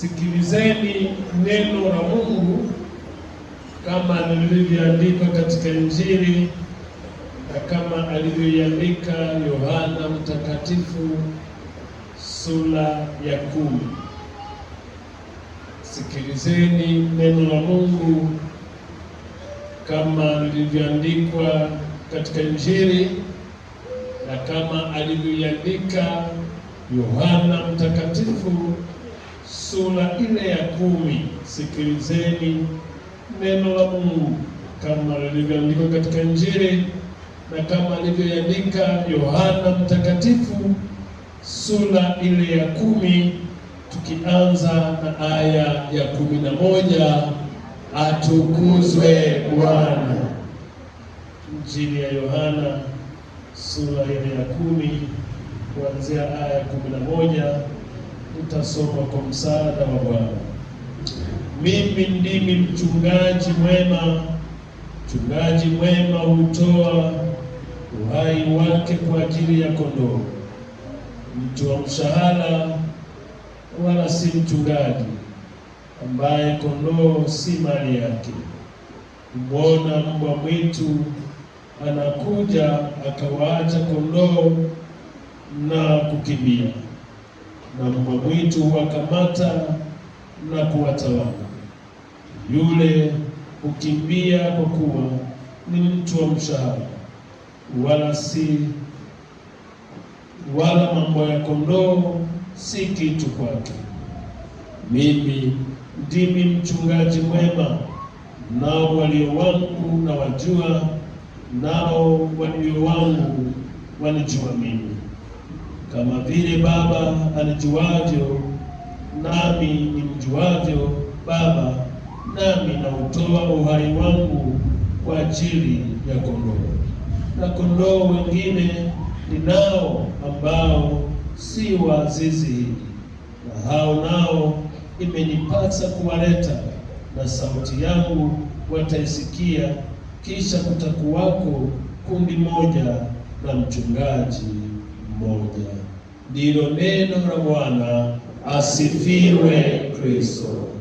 Sikilizeni neno la Mungu kama lilivyoandikwa katika Injili na kama alivyoiandika Yohana Mtakatifu sura ya kumi. Sikilizeni neno la Mungu kama lilivyoandikwa katika Injili na kama alivyoiandika Yohana Mtakatifu sura ile ya kumi. Sikilizeni neno la Mungu kama lilivyoandikwa katika Injili na kama alivyoandika Yohana Mtakatifu sura ile ya kumi tukianza na aya ya kumi na moja. Atukuzwe Bwana. Injili ya Yohana sura ile ya kumi kuanzia aya ya kumi na moja utasomwa kwa msaada wa Bwana. Mimi ndimi mchungaji mwema. Mchungaji mwema hutoa uhai wake kwa ajili ya kondoo. Mtu wa mshahara wala si mchungaji, ambaye kondoo si mali yake, Mbona mbwa mwitu anakuja akawaacha kondoo na kukimbia na Mungu mwitu huwakamata na kuwatawana Yule hukimbia kwa kuwa ni mtu wa mshahara, wala si wala mambo ya kondoo si kitu kwake. Mimi ndimi mchungaji mwema, nao walio wangu na wajua, nao walio wangu wanijua mimi kama vile Baba anijuavyo nami nimjuavyo Baba, nami nautoa uhai wangu kwa ajili ya kondoo. Na kondoo wengine ninao ambao si wa zizi hili, na hao nao imenipasa kuwaleta, na sauti yangu wataisikia. Kisha kutakuwako kundi moja na mchungaji moja. Ndilo neno la Bwana. Asifiwe Kristo.